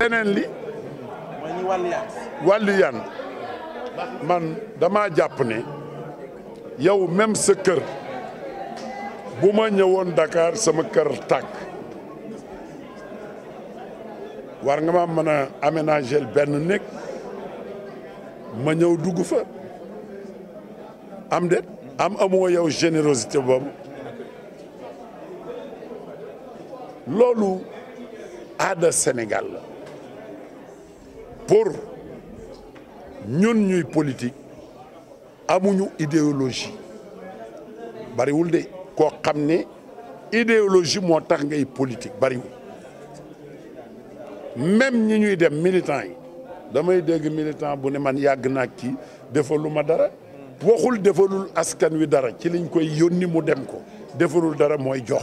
leneen li wàllu man dama jàpp ne yow même sa bu ma ñëwoon Dakar sama kër tàkk war nga ma mën a aménager benn nékk ma ñëw dugg fa am déet am amoo yow générosité boobu loolu aada Sénégal pour nous, ñuy politique amuñu idéologie une de Nous kamne, idéologie politique même ñi nous dem militant damay dégg militant bu man nous dara waxul askan wi dara ci liñ koy yónni mu dem ko Nous dara mooy jox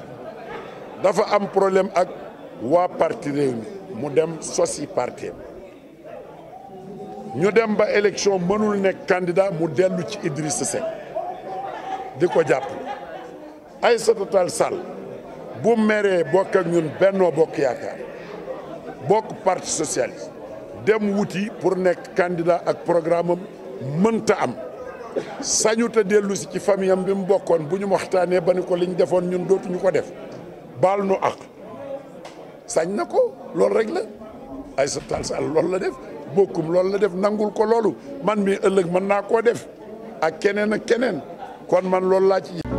dafa am problème ak waa parti réew mu dem sosi parti ñu dem ba élection mënul nekk candidat mu dellu ci Idrissa Seck di ko jàppale ay Tall Sall bu meree bokk ak ñun Benno Bokk Yaakaar bokk parti socialiste dem wuti pour nekk candidat ak programme am mënta am sañu te dellu ci famille bi mu bokkoon bu ñu waxtaanee ba ni ko liñ defoon ñun dootuñu ko def baal nu àq sañ na ko loolu rek la Aïssata Tall saal loolu la def bokkum loolu la def nangul ko loolu man mi ëllëg mën naa koo def ak keneen ak keneen kon man loolu laa ci